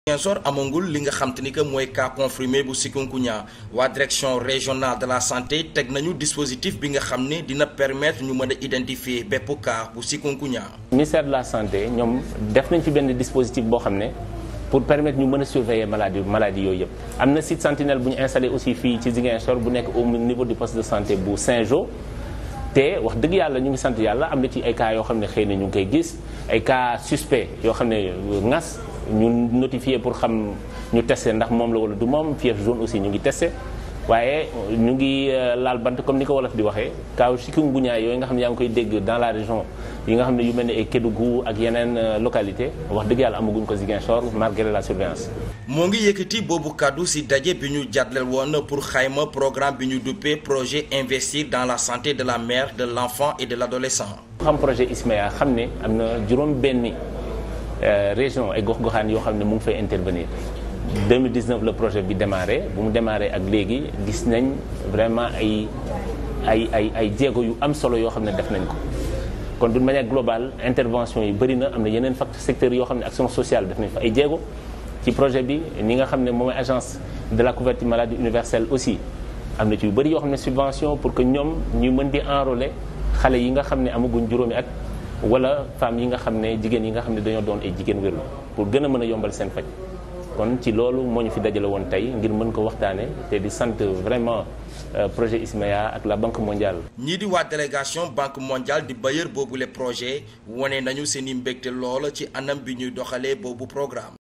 Ziguinchor amangul li nga xam ni que mooy cas confirmé bu chikungunya waa direction régionale de la santé teg nañu dispositif bi nga xam ne dina permettre ñu mën a identifier bépp cas bu chikungunya. ministère de la santé ñoom def nañ fi benn dispositif boo xam ne pour permettre ñu mën a surveiller maladie maladie yooyu yëpp am na site sentinelle buñu ñu installé aussi fii ci Ziguinchor bu nekk au niveau du poste de santé bu Saint-Jean. te wax dëgg yàlla ñu ngi sant yàlla am na ci ay cas yoo xam ne xëy na ñu ngi koy gis ay cas suspect yoo xam ne ngas euh, ñu notifié pour xam ñu testé ndax moom la wala du moom fièvre jaune aussi ñu ngi testé waaye ñu ngi euh, laal bant comme ni ko wolof di waxee kaaw chikungunya yooyu nga xam ne yaa ngi koy dégg dans la région yi nga xam ne yu mel ne ay gu ak yeneen euh, localité wax dëgg yàlla amaguñ ko Ziguinchor malgré la surveillance. moo ngi yëkkati boobu kàddu si daje bi ñu jagleel woon pour xayma programme bi ñu duppee projet investir dans la santé de la mère de l' enfant et de l' adolescent. xam projet ISMEA xam ne am na juróom benni Euh, région ay gox-goxaan yoo xam ne mu ngi fay intervenir 2019 le projet bi démarré bu mu démarré ak léegi gis nañ vraiment ay ay ay ay jéego yu am solo yoo xam ne def nañ ko kon d'une manière globale intervention yi bari na am na yeneen facteurs secteurs yoo xam ne action sociale def nañ fa ay jéego ci projet bi ni nga xam ne moom agence de la couverture maladie universelle aussi am na ci yu bëri yoo xam ne subvention pour que ñoom ñuy mën di enrôler xale yi nga xam ne amaguñ juróomi at wala femmes yi nga xam ne jigéen yi nga xam ne dañoo doon ay jigéen wérlu pour gën a mën a yombal seen faj kon ci loolu moo ñu fi dajale woon tey ngir mën ko waxtaane te di sant vraiment euh, projet ISMEA ak la banque mondiale. ñii di waa délégation banque mondiale di boobu boobule projet wone nañu seen i mbégte loola ci anam bi ñuy doxalee boobu programme.